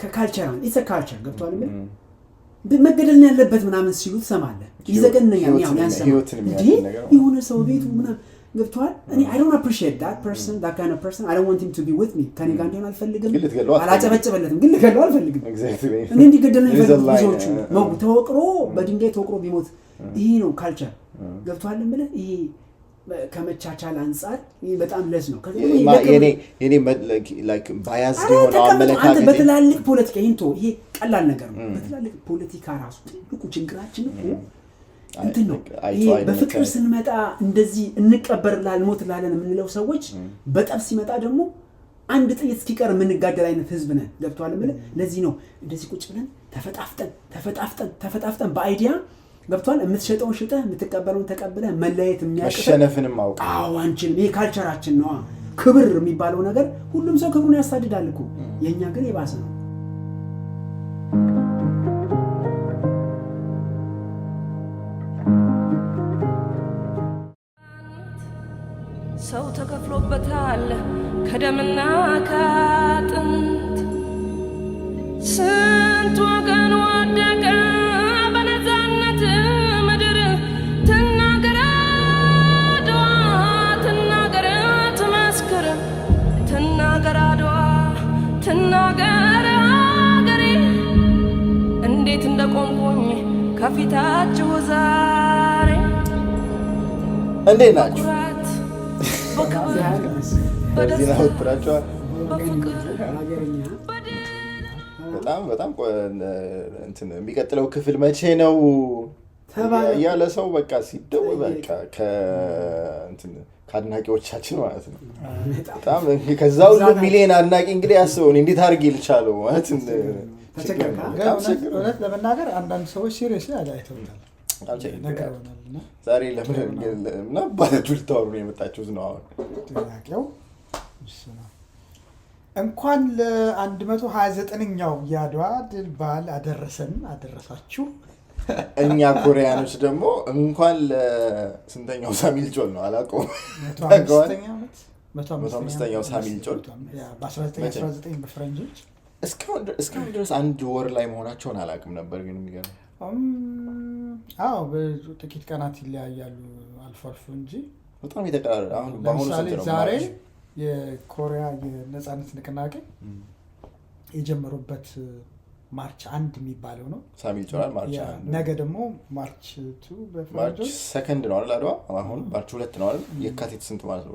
ከካልቸር አሁን ኢትስ ካልቸር ገብቷል ምን መገደል ነው ያለበት ምናምን ሲሉ ትሰማለህ። ይዘገነኛል። የሆነ ሰው ቤቱ ምናምን ገብቷል። እኔ አይ ዶንት አፕሪሺየት ዳት ፐርሰን ዳት ካይንድ ኦፍ ፐርሰን አይ ዶንት ዋንት ሂም ቱ ቢ ዊዝ ሚ ከኔ ጋር እንዲሆን አልፈልግም። አላጨበጭበለትም፣ ግን ልገለው አልፈልግም። እኔ እንዲገደል ነው የፈለጉት ብዙዎቹ። ተወቅሮ mm. በድንጋይ ተወቅሮ ቢሞት mm. ይሄ ነው ካልቸር mm. ገብቷል። ብለህ ይሄ ከመቻቻል አንጻር በጣም ለዝ ነው። ባያዝ በትላልቅ ፖለቲካ ይንቶ ይሄ ቀላል ነገር ነው። በትላልቅ ፖለቲካ ራሱ ትልቁ ችግራችን እኮ እንትን ነው። በፍቅር ስንመጣ እንደዚህ እንቀበር ላልሞት ላለን የምንለው ሰዎች በጠብ ሲመጣ ደግሞ አንድ ጥይት እስኪቀር የምንጋደል አይነት ህዝብ ነን። ገብቶሃል? ለዚህ ነው እንደዚህ ቁጭ ብለን ተፈጣፍጠን ተፈጣፍጠን ተፈጣፍጠን በአይዲያ ገብቷል። የምትሸጠውን ሽጠ የምትቀበለውን ተቀብለ መለየት የሚያሸነፍንም አውቅ አንችልም። ይሄ ካልቸራችን ነዋ። ክብር የሚባለው ነገር ሁሉም ሰው ክብሩን ያሳድዳል እኮ። የእኛ ግን የባሰ ነው። ሰው ተከፍሎበታል ከደምና ከአጥንት ከፊታችሁ ዛሬ እንዴት ናችሁ? በጣም በጣም እንትን የሚቀጥለው ክፍል መቼ ነው ያለ ሰው በቃ ሲደው በቃ ከአድናቂዎቻችን ማለት ነው። በጣም ከዛ ሁሉ ሚሊዮን አድናቂ እንግዲህ ያስበውን እንዴት አድርጌ ልቻለው ማለት እውነት ለመናገር አንዳንድ ሰዎች ሲሪየስ ላይ አይተውታል። የመጣችሁት? ነው አሁን ጥያቄው እንኳን ለ129ኛው የአድዋ ድል በዓል አደረሰን አደረሳችሁ። እኛ ኮሪያኖች ደግሞ እንኳን ለስንተኛው ሳሚል ጆል ነው አላውቀውም፣ አምስተኛው ሳሚል ጆል በ1919 በፈረንጆች እስካሁን ድረስ አንድ ወር ላይ መሆናቸውን አላውቅም ነበር። ግን የሚገርም አዎ፣ ጥቂት ቀናት ይለያያሉ አልፎ አልፎ እንጂ በጣም የተቀራረበ አሁን ለምሳሌ ዛሬ የኮሪያ የነፃነት ንቅናቄ የጀመሩበት ማርች አንድ የሚባለው ነው። ነገ ደግሞ ማርች ቱ ማርች ሰከንድ ነው አይደል? አድዋ አሁን ማርች ሁለት ነው አይደል? የካቲት ስንት ማለት ነው?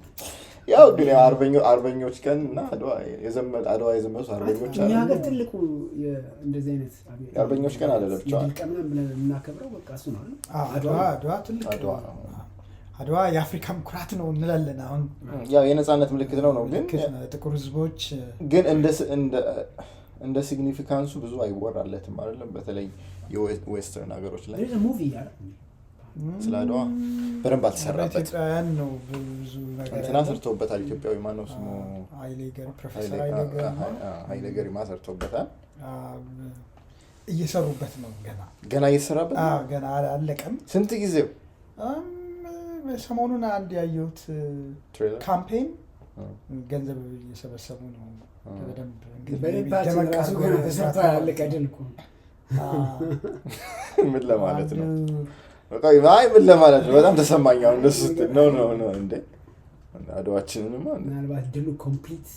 ያው ግን አርበኞች ቀን እና አድዋ የዘመቱ አርበኞች አሉ። ሀገር ትልቁ እንደዚህ አይነት አርበኞች ቀን አለ ለብቻዋል የምናከብረው ነው። አድዋ የአፍሪካም ኩራት ነው እንላለን። አሁን ያው የነፃነት ምልክት ነው ነው ግን ጥቁር ህዝቦች ግን እንደ ሲግኒፊካንሱ ብዙ አይወራለትም አይደለም በተለይ የዌስተርን ሀገሮች ላይ ስለ አድዋ በደንብ አልተሰራበት። እንትና ሰርተውበታል። ኢትዮጵያዊ ማነው ስሙ? ኃይሌ ገሪማ ሰርተውበታል። እየሰሩበት ነው ገና ገና እየተሰራበት ገና አላለቀም። ስንት ጊዜው ሰሞኑን አንድ ያየሁት ካምፔን ገንዘብ እየሰበሰቡ ነው። በደንብ ምን ለማለት ነው አይ ምን ለማለት ነው? በጣም ተሰማኝ። አሁን እነሱ ስትል ነው ነው ነው እንደ አድዋችንንማ ምናልባት ድሉ ኮምፕሊት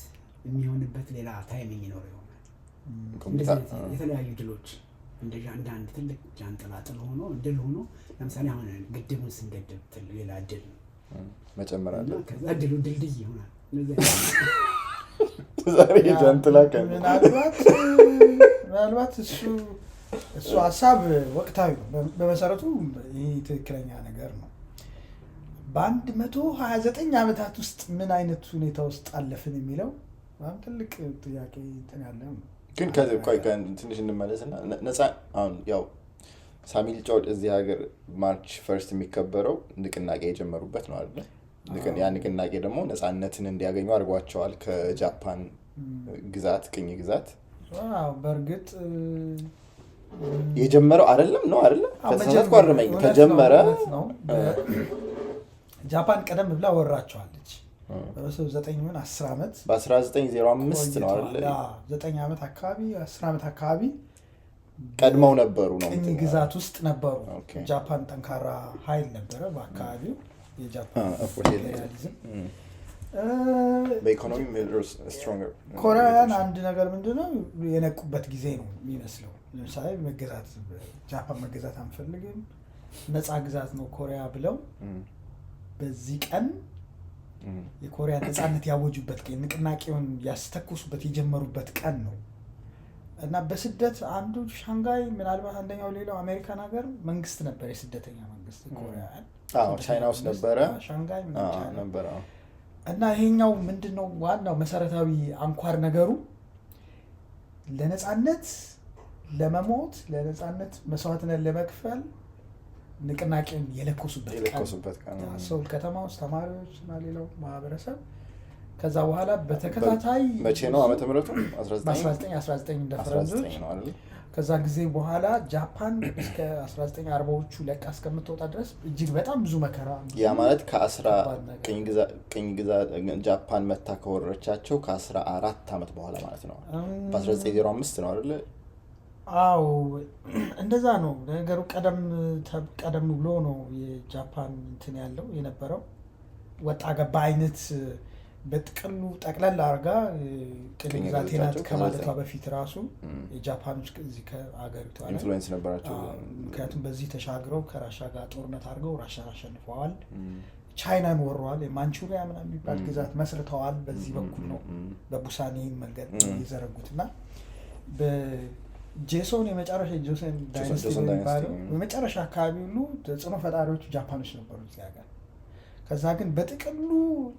የሚሆንበት ሌላ ታይም ይኖር ይሆናል። የተለያዩ ድሎች እንደ አንዳንድ ትልቅ ጃንጥላ ጥል ሆኖ ድል ሆኖ ለምሳሌ አሁን ግድቡን ስንገድብ ትል ሌላ ድል መጨመር አለ። ከዛ ድሉ ድልድይ ይሆናል። ዛሬ ጃንጥላ ምናልባት ምናልባት እሱ እሱ ሀሳብ ወቅታዊ ነው። በመሰረቱ ይህ ትክክለኛ ነገር ነው። በአንድ መቶ ሀያ ዘጠኝ ዓመታት ውስጥ ምን አይነት ሁኔታ ውስጥ አለፍን የሚለው በጣም ትልቅ ጥያቄ እንትን ያለ ግን ቆይ ትንሽ እንመለስና ነፃ አሁን ያው ሳሚ ጫውድ እዚህ ሀገር ማርች ፈርስት የሚከበረው ንቅናቄ የጀመሩበት ነው አለ ያ ንቅናቄ ደግሞ ነፃነትን እንዲያገኙ አድርጓቸዋል ከጃፓን ግዛት ቅኝ ግዛት በእርግጥ የጀመረው አይደለም ነው አይደለም ከሰዓት ቋርመኝ ከጀመረ ጃፓን ቀደም ብላ ወራቸዋለች። በመሰብ ዘጠኝ ሆን አስር ዓመት በ1905 ነው ዘጠኝ ዓመት አካባቢ አስር ዓመት አካባቢ ቀድመው ነበሩ ነው ቅኝ ግዛት ውስጥ ነበሩ። ጃፓን ጠንካራ ኃይል ነበረ በአካባቢው የጃፓን ኮሪያን አንድ ነገር ምንድነው የነቁበት ጊዜ ነው የሚመስለው ለምሳሌ መገዛት ጃፓን መገዛት አንፈልግም፣ ነፃ ግዛት ነው ኮሪያ ብለው በዚህ ቀን የኮሪያ ነፃነት ያወጁበት ቀን ንቅናቄውን ያስተኩሱበት የጀመሩበት ቀን ነው እና በስደት አንዱ ሻንጋይ ምናልባት አንደኛው ሌላው አሜሪካን ሀገር መንግስት ነበር፣ የስደተኛ መንግስት ቻይና ውስጥ ነበረ ሻንጋይ ነበረ እና ይሄኛው ምንድን ነው ዋናው መሰረታዊ አንኳር ነገሩ ለነፃነት ለመሞት ለነፃነት መስዋዕትነት ለመክፈል ንቅናቄን የለኮሱበት ሰውል ከተማ ውስጥ ተማሪዎች እና ሌላው ማህበረሰብ ከዛ በኋላ በተከታታይ መቼ ነው ዓመተ ምሕረቱ? እንደ ፈረንጆች ከዛ ጊዜ በኋላ ጃፓን እስከ 1940ዎቹ ለቃ እስከምትወጣ ድረስ እጅግ በጣም ብዙ መከራ። ያ ማለት ቅኝ ግዛ ጃፓን መታ ከወረረቻቸው ከ14 ዓመት በኋላ ማለት ነው። በ1905 ነው አይደለ? አዎ እንደዛ ነው ነገሩ። ቀደም ቀደም ብሎ ነው የጃፓን እንትን ያለው የነበረው ወጣ ገባ አይነት በጥቅሉ ጠቅለል አርጋ ቅኝ ቅኝ ግዛቴ ናት ከማለቷ በፊት ራሱ የጃፓኖች እዚህ ከአገሪቷ ኢንፍሉዌንስ ነበራቸው። ምክንያቱም በዚህ ተሻግረው ከራሻ ጋር ጦርነት አድርገው ራሻን አሸንፈዋል፣ ቻይናን ወረዋል፣ የማንቹሪያ ምናምን የሚባል ግዛት መስርተዋል። በዚህ በኩል ነው እም፣ በቡሳኒ መንገድ እም። የዘረጉትና ጄሶን የመጨረሻ ጄሶን ዳይነስቲ የሚባለው የመጨረሻ አካባቢ ሁሉ ተጽዕኖ ፈጣሪዎቹ ጃፓኖች ነበሩ እዚህ ሀገር። ከዛ ግን በጥቅሉ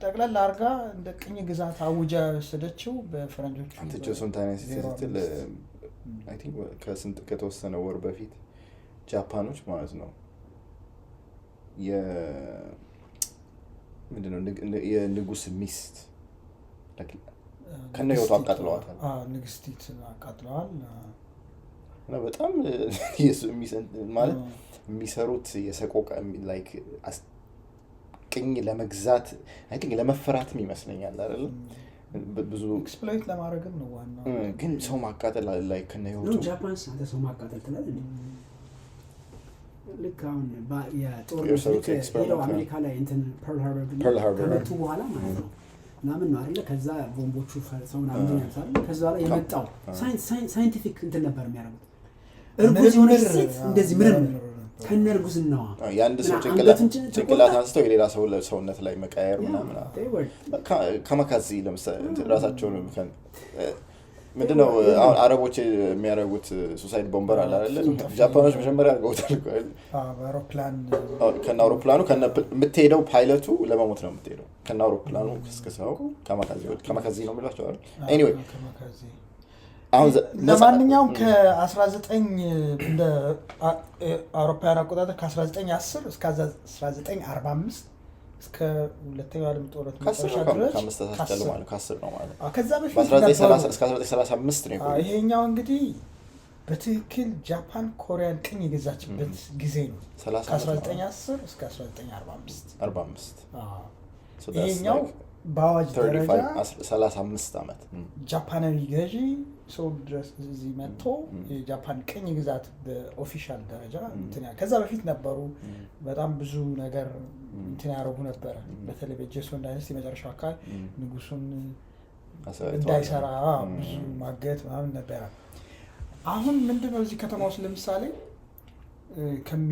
ጠቅላላ አርጋ እንደ ቅኝ ግዛት አውጃ የወሰደችው በፈረንጆቹ። አንተ ጆሰን ዳይነስቲ ስትል ከስንት ከተወሰነ ወር በፊት ጃፓኖች ማለት ነው ምንድነው የንጉስ ሚስት ከነ ህይወቱ አቃጥለዋታል። ንግስቲት አቃጥለዋል። እና በጣም ማለት የሚሰሩት የሰቆቃ ላይክ ቅኝ ለመግዛት አይ ለመፈራትም ይመስለኛል አይደለም ብዙ ኤክስፕሎይት ለማድረግም ነው ዋና ግን ሰው ማቃጠል ላይ ከነ ሰው ማቃጠል ትላል ልክ አሁን አሜሪካ ላይ እንትን ፐርል ሃርበር ከመቱ በኋላ ማለት ነው ምናምን ነው አለ ከዛ ቦምቦቹ ሰው ምናምን ከዛ ላይ የመጣው ሳይንቲፊክ እንትን ነበር የሚያደርጉት እርጉዝ የሆነች ሴት እንደዚህ ምርምር ከነ እርጉዝናዋ የአንድ ሰው ጭንቅላት አንስተው የሌላ ሰው ሰውነት ላይ መቀየር ምናምን ከመካዚ ለምሳሌ mm. ራሳቸውን ምንድነው አሁን አረቦች የሚያደርጉት ሱሳይድ ቦምበር አለ ጃፓኖች መጀመሪያ አድርገውታል። ከነ አውሮፕላኑ የምትሄደው ፓይለቱ ለመሞት ነው የምትሄደው። ከነ አውሮፕላኑ mm. ክስክሰው ነው የሚሏቸው አይደል? ኤኒዌይ ለማንኛውም ከ19 እንደ አውሮፓውያን አቆጣጠር ከ1910 እስከ 1945 እስከ ሁለተኛው ዓለም ጦርነት ከዛ በፊት ይሄኛው እንግዲህ በትክክል ጃፓን ኮሪያን ቅኝ የገዛችበት ጊዜ ነው። ከ1910 እስከ 1945 ይሄኛው በአዋጅ ደረጃ ዓመት ጃፓናዊ ገዢ ሰው ድረስ እዚህ መጥቶ የጃፓን ቅኝ ግዛት በኦፊሻል ደረጃ ከዛ በፊት ነበሩ። በጣም ብዙ ነገር እንትን ያደረጉ ነበረ። በተለይ በጀሶን ዳይነስቲ የመጨረሻው አካል ንጉሱን እንዳይሰራ ብዙ ማገት ምናምን ነበረ። አሁን ምንድነው እዚህ ከተማ ውስጥ ለምሳሌ ከሚ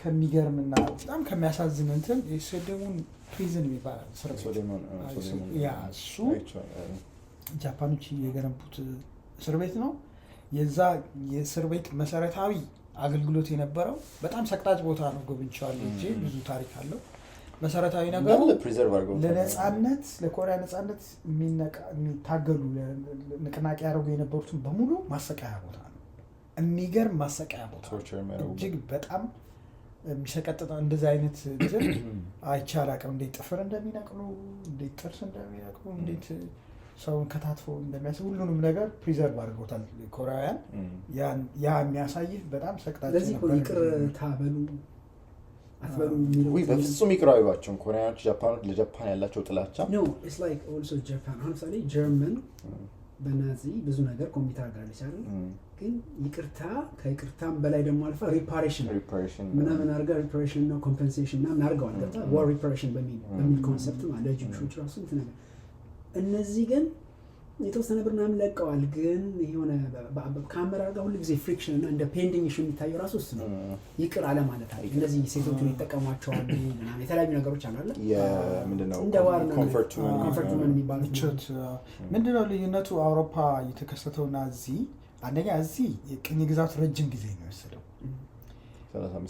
ከሚገርምና በጣም ከሚያሳዝን እንትን የሶዴሞን ፕሪዝን ይባላል እስር ቤት ያ እሱ ጃፓኖች የገነቡት እስር ቤት ነው። የዛ የእስር ቤት መሰረታዊ አገልግሎት የነበረው በጣም ሰቅጣጭ ቦታ ነው። ጎብኝቼዋለሁ እንጂ ብዙ ታሪክ አለው። መሰረታዊ ነገሩ ለነፃነት ለኮሪያ ነፃነት የሚታገሉ ንቅናቄ ያደረጉ የነበሩትን በሙሉ ማሰቃያ ቦታ ነው። የሚገርም ማሰቃያ ቦታ እጅግ በጣም የሚሰቀጥጠ እንደዚህ አይነት እንትን አይቼ አላውቅም። እንዴት ጥፍር እንደሚነቅሉ እንዴት ጥርስ እንደሚነቅሉ እንዴት ሰውን ከታትፎ እንደሚያስ ሁሉንም ነገር ፕሪዘርቭ አድርጎታል ኮሪያውያን። ያ የሚያሳይህ በጣም ሰቅጣጭ ይቅርታ በሉ አትበሉ በፍጹም ይቅር አይሏቸውም ኮሪያኖች። ጃፓኖች ለጃፓን ያላቸው ጥላቻ ነው። ጃፓን ለምሳሌ ጀርመን በናዚ ብዙ ነገር ኮሚት አርጋለች አይደል? ግን ይቅርታ ከይቅርታም በላይ ደግሞ አልፋ ሪፓሬሽን ምናምን አድርጋ ሪፓሬሽን እና ኮምፐንሴሽን ምናምን አድርገዋል። ገብታ ዋር ሪፓሬሽን በሚል ኮንሰፕት ለጅምሾች ራሱ ነገር እነዚህ ግን የተወሰነ ብር ምናምን ለቀዋል። ግን የሆነ ከአመራር ጋር ሁሉ ጊዜ ፍሪክሽን እና እንደ ፔንዲንግ ሹ የሚታየው ራሱ እሱ ነው። ይቅር አለ ማለት አለ። እነዚህ ሴቶቹን ይጠቀሟቸዋል። የተለያዩ ነገሮች አላለ እንደ ዋር የሚባሉት ምንድነው ልዩነቱ? አውሮፓ የተከሰተውና እዚህ አንደኛ እዚህ የቅኝ ግዛቱ ረጅም ጊዜ ነው የወሰደው።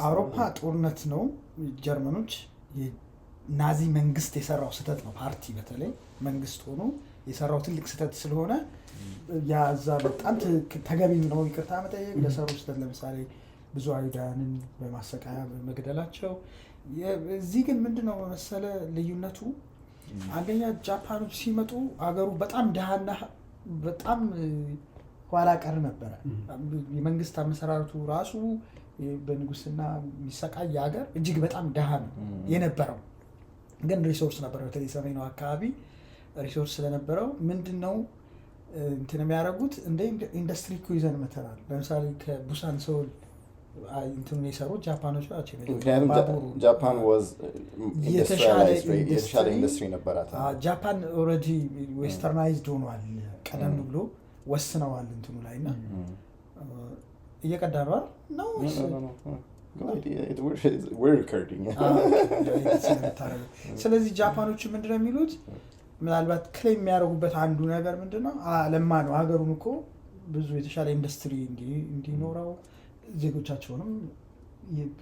አውሮፓ ጦርነት ነው። ጀርመኖች ናዚ መንግስት የሰራው ስህተት ነው። ፓርቲ በተለይ መንግስት ሆኖ የሰራው ትልቅ ስህተት ስለሆነ ያዛ በጣም ተገቢ ነው ይቅርታ መጠየቅ። ለሰሩ ስህተት ለምሳሌ ብዙ አይሁዳንን በማሰቃያ መግደላቸው እዚህ ግን ምንድነው መሰለ ልዩነቱ፣ አንደኛ ጃፓኖች ሲመጡ አገሩ በጣም ድሃና በጣም ኋላ ቀር ነበረ። የመንግስት አመሰራረቱ ራሱ በንጉስና የሚሰቃይ ሀገር እጅግ በጣም ድሃ ነው የነበረው፣ ግን ሪሶርስ ነበረ። በተለይ ሰሜኑ አካባቢ ሪሶርስ ስለነበረው ምንድን ነው እንትን የሚያደርጉት እንደ ኢንዱስትሪ እኮ ይዘን መተናል። ለምሳሌ ከቡሳን ሰውል እንትኑ የሰሩት ጃፓኖች ናቸው። ጃፓን የተሻለ ኢንዱስትሪ ነበራት። ጃፓን ኦልሬዲ ዌስተርናይዝድ ሆኗል። ቀደም ብሎ ወስነዋል እንትኑ ላይ እና እየቀዳረዋል ነው ስለዚህ ጃፓኖቹ ምንድነው የሚሉት ምናልባት ክሌም የሚያደርጉበት አንዱ ነገር ምንድን ነው? ለማ ነው ሀገሩን እኮ ብዙ የተሻለ ኢንዱስትሪ እንዲኖረው ዜጎቻቸውንም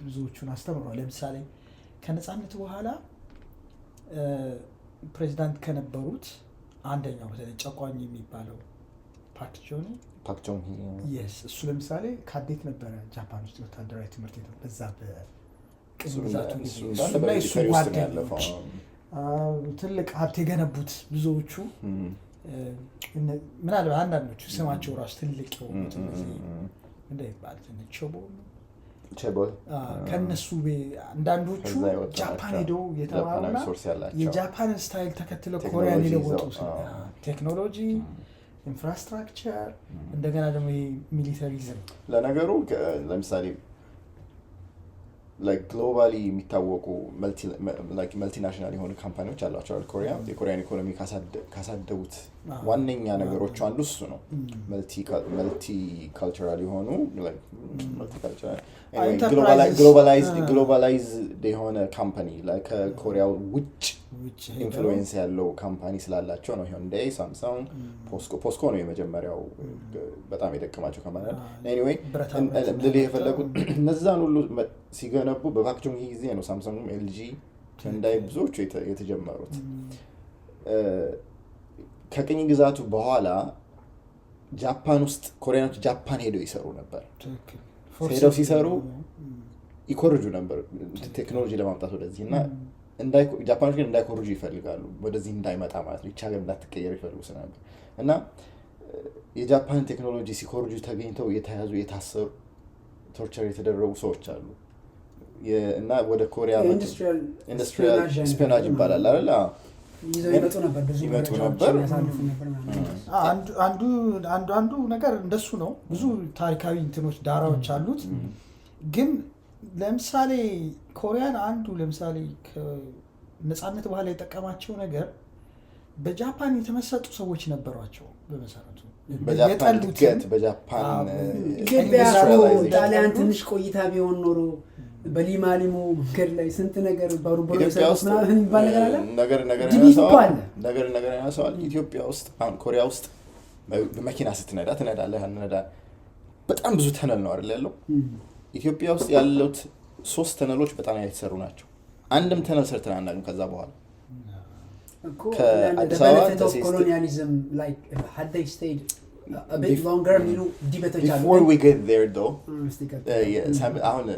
ብዙዎቹን አስተምረዋል። ለምሳሌ ከነፃነት በኋላ ፕሬዚዳንት ከነበሩት አንደኛው በተለይ ጨቋኝ የሚባለው ፓክ ጆኒ ፓክ እሱ ለምሳሌ ካዴት ነበረ ጃፓን ውስጥ ወታደራዊ ትምህርት ቤት በዛ በቅኝ ግዛቱ እሱ ጓደኞች ትልቅ ሀብት የገነቡት ብዙዎቹ ምናልባት አንዳንዶቹ ስማቸው ራሱ ትልቅ የሆኑት እንደሚባል ቸቦ ከእነሱ አንዳንዶቹ ጃፓን ሄደው የተማሩና የጃፓን ስታይል ተከትለው ኮሪያን የለወጡ ቴክኖሎጂ፣ ኢንፍራስትራክቸር እንደገና ደግሞ ሚሊተሪዝም ለነገሩ ለምሳሌ ግሎባሊ የሚታወቁ መልቲናሽናል የሆኑ ካምፓኒዎች አሏቸዋል። ኮሪያ የኮሪያን ኢኮኖሚ ካሳደጉት ዋነኛ ነገሮቹ አንዱ እሱ ነው። መልቲ ካልቸራል የሆኑ ግሎባላይዝ ah. የሆነ ካምፓኒ ከኮሪያ ውጭ ኢንፍሉዌንስ ያለው ካምፓኒ ስላላቸው ነው። ሂዩንዳይ፣ ሳምሰንግ፣ ፖስኮ ፖስኮ ነው የመጀመሪያው በጣም የደከማቸው ካምፓኒ። ኤኒዌይ ah, የፈለጉት እነዛን ሁሉ ሲገነቡ በቫክጁም ጊዜ ነው። ሳምሰንጉም፣ ኤልጂ፣ እንዳይ ብዙዎቹ የተጀመሩት mm. ከቅኝ ግዛቱ በኋላ ጃፓን ውስጥ ኮሪያኖች ጃፓን ሄደው ይሰሩ ነበር። ሄደው ሲሰሩ ይኮርጁ ነበር ቴክኖሎጂ ለማምጣት ወደዚህ እና ጃፓኖች ግን እንዳይኮርጁ ይፈልጋሉ ወደዚህ እንዳይመጣ ማለት ነው። ይቻገር ሀገር እንዳትቀየር ይፈልጉ ስለነበር እና የጃፓን ቴክኖሎጂ ሲኮርጁ ተገኝተው የተያዙ የታሰሩ ቶርቸር የተደረጉ ሰዎች አሉ እና ወደ ኮሪያ ኢንዱስትሪያል ስፒዮናጅ ይባላል አይደል? ይመጡ ነበር አንዱ አንዱ ነገር እንደሱ ነው። ብዙ ታሪካዊ እንትኖች ዳራዎች አሉት። ግን ለምሳሌ ኮሪያን አንዱ ለምሳሌ ነፃነት በኋላ የጠቀማቸው ነገር በጃፓን የተመሰጡ ሰዎች ነበሯቸው። በመሰረቱ የጠሉት በጃፓን ጣሊያን ትንሽ ቆይታ ቢሆን ኖሮ በሊማሊሞ መንገድ ላይ ስንት ነገር ነገር ነገር ነገር ያነሰዋል። ኢትዮጵያ ውስጥ አሁን ኮሪያ ውስጥ በመኪና ስትነዳ ትነዳለህ ነዳ በጣም ብዙ ተነል ነው አይደል ያለው። ኢትዮጵያ ውስጥ ያሉት ሶስት ተነሎች በጣም የተሰሩ ናቸው። አንድም ተነል ሰርተን አናውቅም። ከዛ በኋላ ከአዲስ አበባ ኮሎኒያሊዝም ላይ አሁን uh,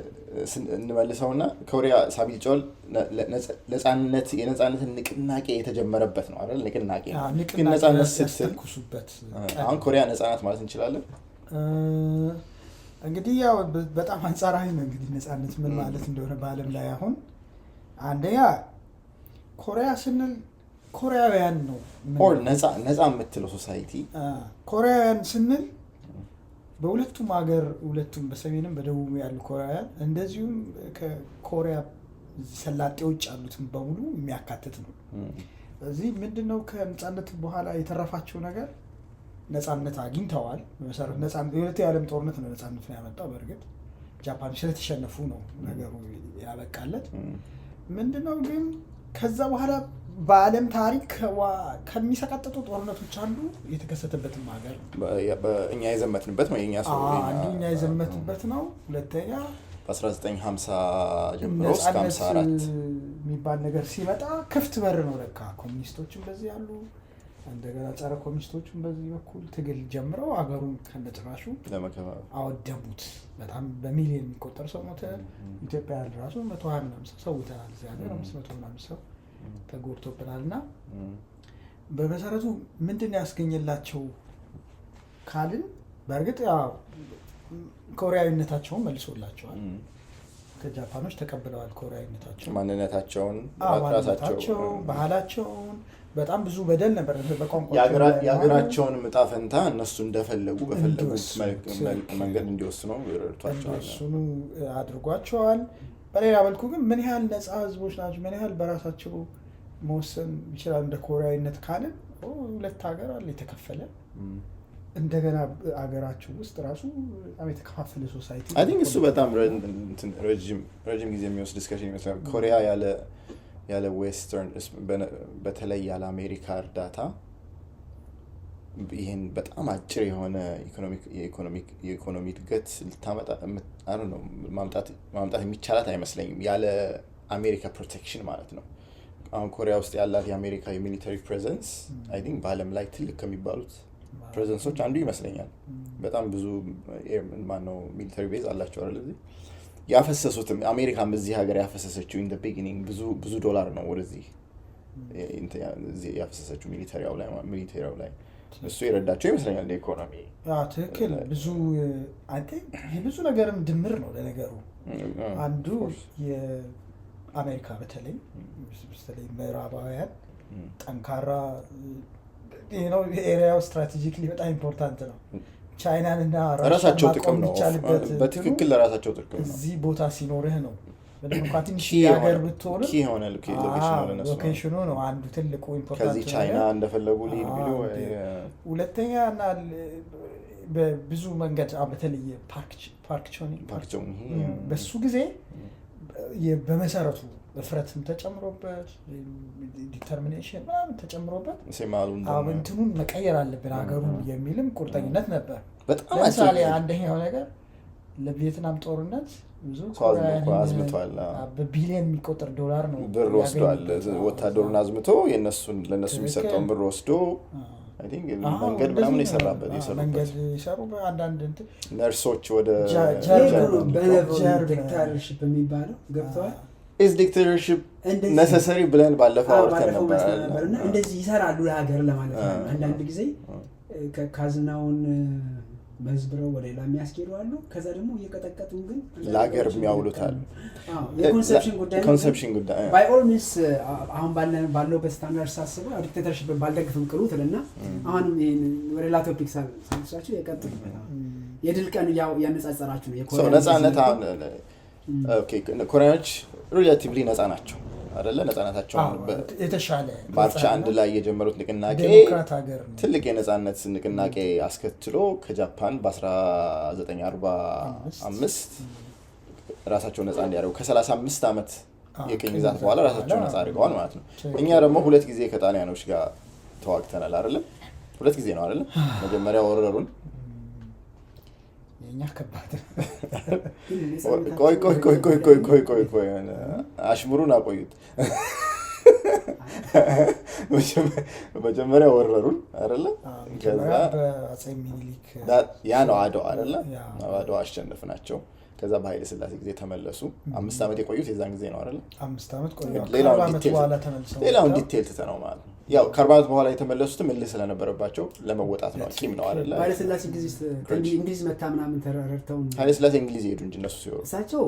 እንመልሰውና ኮሪያ ሳቢል ጮል ነጻነት ንቅናቄ የተጀመረበት ነው አይደል? ንቅናቄ ግን ነጻነት አሁን ኮሪያ ነፃነት ማለት እንችላለን። እንግዲህ ያው በጣም አንጻራዊ ነው። እንግዲህ ነፃነት ምን ማለት እንደሆነ በአለም ላይ አሁን አንደኛ ኮሪያ ስንል ኮሪያውያን ነው ነፃ የምትለው ሶሳይቲ ኮሪያውያን ስንል በሁለቱም ሀገር ሁለቱም በሰሜንም በደቡብ ያሉ ኮሪያውያን እንደዚሁም ከኮሪያ ሰላጤዎች ያሉትን በሙሉ የሚያካትት ነው። እዚህ ምንድነው ከነፃነት በኋላ የተረፋቸው ነገር ነፃነት አግኝተዋል። በመሰረቱ የሁለተኛው የዓለም ጦርነት ነው ነፃነት ያመጣው። በእርግጥ ጃፓን ስለተሸነፉ ነው ነገሩ ያበቃለት። ምንድነው ግን ከዛ በኋላ በዓለም ታሪክ ከሚሰቀጥጡ ጦርነቶች አንዱ የተከሰተበትም ሀገር እኛ የዘመትንበት ነው። የኛ ሰው እኛ የዘመትንበት ነው። ሁለተኛ በ1950 ጀምሮ እስከ 54 የሚባል ነገር ሲመጣ ክፍት በር ነው። ለካ ኮሚኒስቶችም በዚህ አሉ። እንደገና ጸረ ኮሚኒስቶችም በዚህ በኩል ትግል ጀምረው አገሩን ከነጭራሹ አወደሙት። በጣም በሚሊዮን የሚቆጠር ሰው ሞተ። ኢትዮጵያ ያል ራሱ መቶ ሀያ ምናምን ሰው ሰውተናል። እዚህ ሀገር አምስት መቶ ምናምን ሰው ተጎድቶብናል እና በመሰረቱ ምንድን ያስገኝላቸው ካልን በእርግጥ ኮሪያዊነታቸውን መልሶላቸዋል። ከጃፓኖች ተቀብለዋል። ኮሪያዊነታቸውን፣ ማንነታቸውን፣ ባህላቸውን በጣም ብዙ በደል ነበር። በቋንቋ የሀገራቸውን ዕጣ ፈንታ እነሱ እንደፈለጉ በፈለጉት መንገድ እንዲወስኑ ረድቷቸዋል። እሱኑ አድርጓቸዋል። በሌላ መልኩ ግን ምን ያህል ነፃ ህዝቦች ናቸው፣ ምን ያህል በራሳቸው መወሰን ይችላል። እንደ ኮሪያዊነት ካለ ሁለት ሀገር አለ የተከፈለ እንደገና ሀገራችሁ ውስጥ ራሱ በጣም የተከፋፈለ ሶሳይቲ አይ ቲንክ እሱ በጣም ረጅም ጊዜ የሚወስድ ዲስከሽን ይመስላል። ኮሪያ ያለ ዌስተርን በተለይ ያለ አሜሪካ እርዳታ ይህን በጣም አጭር የሆነ የኢኮኖሚ እድገት ማምጣት የሚቻላት አይመስለኝም፣ ያለ አሜሪካ ፕሮቴክሽን ማለት ነው። አሁን ኮሪያ ውስጥ ያላት የአሜሪካ የሚሊተሪ ፕሬዘንስ አይ ቲንክ በአለም ላይ ትልቅ ከሚባሉት ፕሬዘንሶች አንዱ ይመስለኛል። hmm. በጣም ብዙ ማነው ሚሊተሪ ቤዝ አላቸው አለ እዚህ ያፈሰሱትም አሜሪካ በዚህ ሀገር ያፈሰሰችው ኢን ቢግኒንግ ብዙ ብዙ ዶላር ነው ወደዚህ hmm. ያፈሰሰችው ሚሊተሪያው ላይ ሚሊተሪያው ላይ hmm. እሱ የረዳቸው ይመስለኛል። ለኢኮኖሚ ትክክል ብዙ የብዙ ነገርም ድምር ነው ለነገሩ አንዱ አሜሪካ በተለይ በተለይ ምዕራባውያን ጠንካራ ነው። ኤሪያው ስትራቴጂክሊ በጣም ኢምፖርታንት ነው። ቻይናን እና ራሳቸው ጥቅም ነው በትክክል ለራሳቸው ጥቅም ነው። እዚህ ቦታ ሲኖርህ ነው እንኳን ትንሽ ሀገር ብትሆን ሎኬሽኑ ነው አንዱ ትልቁ ኢምፖርታንት። ቻይና እንደፈለጉ ሁለተኛ እና በብዙ መንገድ በተለየ ፓርክ ቾኒ በሱ ጊዜ በመሰረቱ እፍረትም ተጨምሮበት ዲተርሚኔሽን ምናምን ተጨምሮበት እንትኑን መቀየር አለብን ሀገሩ የሚልም ቁርጠኝነት ነበር። ለምሳሌ አንደኛው ነገር ለቪየትናም ጦርነት ብዙ አዝምቷል። የሚቆጠር ዶላር ነው ብር ወስዷል። ወታደሩን አዝምቶ ለእነሱ የሚሰጠውን ብር ወስዶ መንገድ ምናምን የሰራበት የሰሩበት አንዳንድ ነርሶች ወደ የሚባለው ገብተዋል። ኢዝ ነሰሰሪ ብለን ባለፈው አውርተን ነበር። እንደዚህ ይሰራሉ ለሀገር ለማለት ነው። አንዳንድ ጊዜ ካዝናውን በህዝብ ወደ ሌላ የሚያስኬዱ አሉ። ከዛ ደግሞ እየቀጠቀጡ ግን ለሀገር የሚያውሉታል። አሉ። ኮንሰፕሽን ጉዳይ ባይ ኦል ሚንስ አሁን ባለው በስታንዳርድ ሳስበ ዲክቴተርሽፕ ባልደግፍም ቅሉት ትልና አሁንም ወደ ሌላ ቶፒክ ሳሳቸው የቀጥሉ የድል ቀን ያነጻጸራችሁ ነው። ነጻነት ኮሪያኖች ሪላቲቭሊ ነጻ ናቸው። አደለ ነጻነታቸውን የተሻለ ማርች አንድ ላይ የጀመሩት ንቅናቄ ትልቅ የነጻነት ንቅናቄ አስከትሎ ከጃፓን በ1945 ራሳቸው ነጻ እንዲያደርጉ ከ35 ዓመት የቅኝ ግዛት በኋላ ራሳቸው ነጻ አድርገዋል ማለት ነው። እኛ ደግሞ ሁለት ጊዜ ከጣሊያኖች ጋር ተዋግተናል አይደለም። ሁለት ጊዜ ነው አይደለም። መጀመሪያ ወረሩን የኛ ከባድ ቆይ ቆይ ቆይ ቆይ ቆይ ቆይ ቆይ ቆይ አሽሙሩን አቆዩት። መጀመሪያ ወረሩን አይደለ? ያ ነው አድዋ አይደለ? አድዋ አሸነፍናቸው። ከዛ በኃይለ ስላሴ ጊዜ ተመለሱ። አምስት ዓመት የቆዩት የዛን ጊዜ ነው አይደለ? ሌላውን ዲቴል ትተነው ማለት ነው ያው ከአርባት በኋላ የተመለሱት እልህ ስለነበረባቸው ለመወጣት ነው። ቂም ነው አይደለ? ኃይለስላሴ እንግሊዝ መታ ምናምን ተረድተው ኃይለስላሴ እንግሊዝ ሄዱ እንጂ እነሱ ሲሆኑ እሳቸው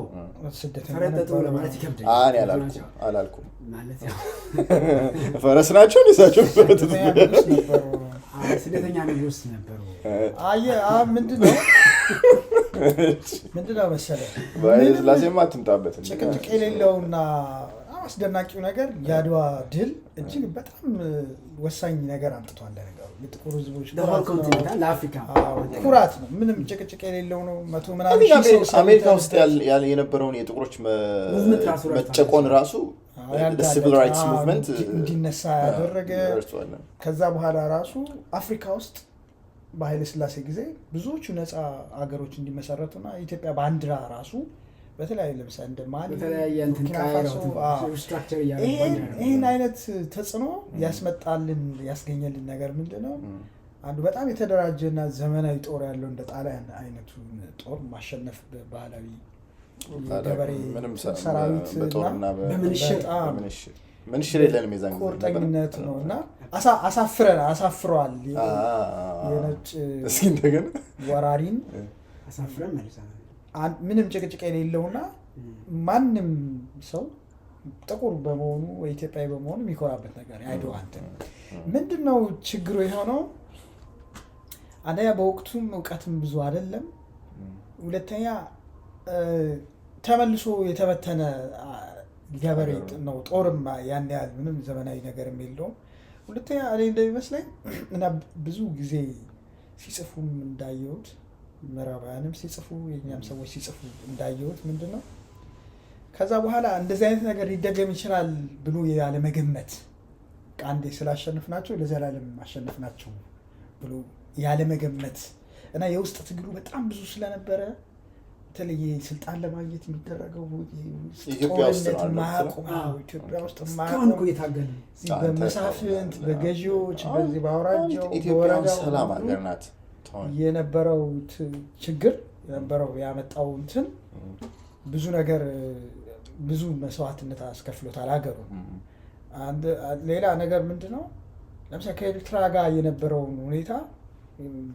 ፈረጠጡ ለማለት ይከብዳል። እኔ አላልኩም አላልኩም ፈረስ ናቸው ሳቸው ስደተኛ ውስጥ ነበሩ። ምንድን ነው ምንድነው መሰለ መሰለህ ኃይለስላሴማ አትምጣበት ጭቅጭቅ የሌለውና አስደናቂው ነገር የአድዋ ድል እጅግ በጣም ወሳኝ ነገር አምጥቷል። ለነገሩ የጥቁር ሕዝቦች ኩራት ነው። ምንም ጭቅጭቅ የሌለው ነው። መቶ ምናምን አሜሪካ ውስጥ የነበረውን የጥቁሮች መጨቆን ራሱ ሲቪል ራይትስ ሙቭመንት እንዲነሳ ያደረገ ከዛ በኋላ ራሱ አፍሪካ ውስጥ በኃይለ ጊዜ ብዙዎቹ ነፃ ሀገሮች እንዲመሰረቱና ኢትዮጵያ ባንዲራ ራሱ በተለያዩ ለምሳሌ እንደ ማሊ ይህን አይነት ተጽዕኖ ያስመጣልን ያስገኘልን ነገር ምንድን ነው? አንዱ በጣም የተደራጀና ዘመናዊ ጦር ያለው እንደ ጣሊያን አይነቱ ጦር ማሸነፍ ባህላዊ ገበሬ ሰራዊትና ምንሽር የለንም የዛን ቁርጠኝነት ነው እና አሳፍረን አሳፍረዋል የነጭ እስኪ እንደገና ወራሪን አሳፍረን መልሰናል። ምንም ጭቅጭቅ የሌለውና ማንም ሰው ጥቁር በመሆኑ ወይ ኢትዮጵያዊ በመሆኑ የሚኮራበት ነገር አይዶ አንትን ምንድን ነው ችግሩ የሆነው? አንደኛ በወቅቱም እውቀትም ብዙ አይደለም። ሁለተኛ ተመልሶ የተበተነ ገበሬ ነው። ጦርም ያን ያህል ምንም ዘመናዊ ነገርም የለውም። ሁለተኛ እኔ እንደሚመስለኝ እና ብዙ ጊዜ ሲጽፉም እንዳየሁት ምዕራባውያንም ሲጽፉ የእኛም ሰዎች ሲጽፉ እንዳየሁት ምንድን ነው ከዛ በኋላ እንደዚህ አይነት ነገር ሊደገም ይችላል ብሎ ያለመገመት አንዴ ስላሸንፍ ናቸው ለዘላለም አሸንፍ ናቸው ብሎ ያለመገመት እና የውስጥ ትግሉ በጣም ብዙ ስለነበረ በተለየ ስልጣን ለማግኘት የሚደረገው ጦርነት ማቆም ኢትዮጵያ ውስጥ በመሳፍንት በገዢዎች በዚህ በአውራጃው ሰላም ሀገር ናት። የነበረው ችግር የነበረው ያመጣው እንትን ብዙ ነገር ብዙ መስዋዕትነት አስከፍሎታል ሀገሩ። ሌላ ነገር ምንድን ነው? ለምሳሌ ከኤርትራ ጋር የነበረውን ሁኔታ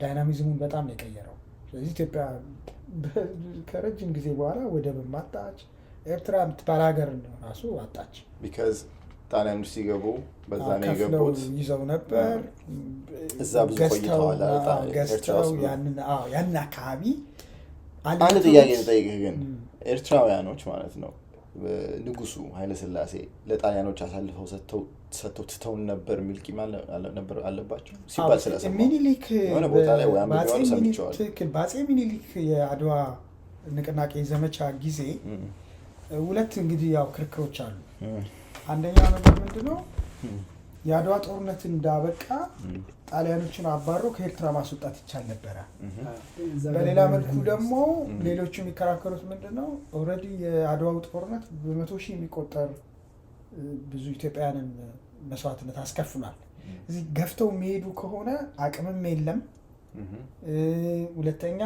ዳይናሚዝሙን በጣም ነው የቀየረው። ስለዚህ ኢትዮጵያ ከረጅም ጊዜ በኋላ ወደብም አጣች። ኤርትራ የምትባል ሀገር ራሱ አጣች። ጣሊያን ውስጥ ሲገቡ በዛ ነው የገቡት። ይዘው ነበር እዛ ብዙ ቆይተዋል። ያን አካባቢ አንድ ጥያቄ ልጠይቅህ ግን ኤርትራውያኖች ማለት ነው ንጉሱ ኃይለስላሴ ለጣሊያኖች አሳልፈው ሰጥተው ትተውን ነበር የሚል ቂም አለባቸው ሲባል ስለሰማሁ ቦታ ሚኒሊክ የአድዋ ንቅናቄ ዘመቻ ጊዜ ሁለት እንግዲህ ያው ክርክሮች አሉ አንደኛው ነገር ምንድን ነው የአድዋ ጦርነት እንዳበቃ ጣሊያኖችን አባሮ ከኤርትራ ማስወጣት ይቻል ነበረ። በሌላ መልኩ ደግሞ ሌሎቹ የሚከራከሩት ምንድን ነው ኦልሬዲ የአድዋው ጦርነት በመቶ ሺህ የሚቆጠር ብዙ ኢትዮጵያውያንን መስዋዕትነት አስከፍሏል። እዚህ ገፍተው የሚሄዱ ከሆነ አቅምም የለም። ሁለተኛ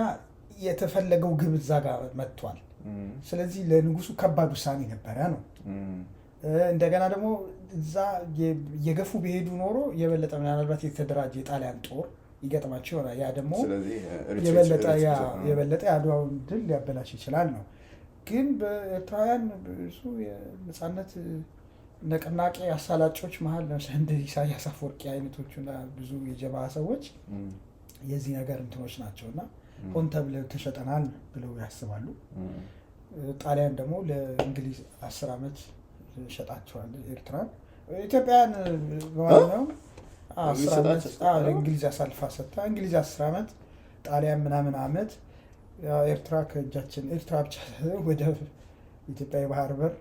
የተፈለገው ግብ እዛ ጋር መጥቷል። ስለዚህ ለንጉሱ ከባድ ውሳኔ ነበረ ነው እንደገና ደግሞ እዛ የገፉ ቢሄዱ ኖሮ የበለጠ ምናልባት የተደራጀ የጣሊያን ጦር ይገጥማቸው ይሆናል። ያ ደግሞ የበለጠ የአድዋውን ድል ሊያበላሽ ይችላል ነው። ግን በኤርትራውያን ብዙ የነፃነት ንቅናቄ አሳላጮች መሀል ለምሳሌ እንደ ኢሳያስ አፈወርቂ አይነቶቹና ብዙ የጀባ ሰዎች የዚህ ነገር እንትኖች ናቸው እና ሆን ተብለው ተሸጠናል ብለው ያስባሉ። ጣሊያን ደግሞ ለእንግሊዝ አስር ዓመት ሸጣቸዋል ኤርትራን ኢትዮጵያን በማለት እንግሊዝ አሳልፋ ሰጥታ እንግሊዝ አስር ዓመት ጣሊያን ምናምን ዓመት ኤርትራ ከእጃችን ኤርትራ ብቻ ወደ ኢትዮጵያ የባህር በር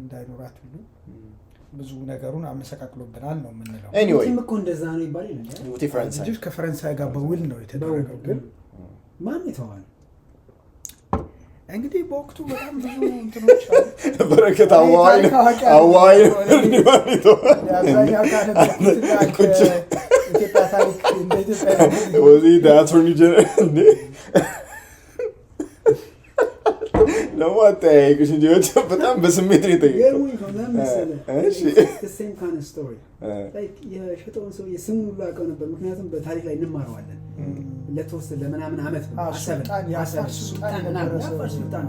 እንዳይኖራት ሁሉ ብዙ ነገሩን አመሰቃቅሎብናል ነው የምንለው። እኮ እንደዛ ነው ይባል ከፈረንሳይ ጋር በውል ነው የተደረገው። ግን ማን ይተዋል? እንግዲህ በወቅቱ በጣም ብዙ እንትኖች በረከት አዋዋይ አዋዋይ ኢትዮጵያ ታሪክ እንደ ኢትዮጵያ ደግሞ አጠያየቅሽ እንጂ በጣም በስሜት ነው የጠየቀው። የሸጠውን ሰው ስሙን ሁሉ አውቀው ነበር፣ ምክንያቱም በታሪክ ላይ እንማረዋለን። ለተወሰነ ለምናምን ዓመት ነው አሰብን ሱልጣን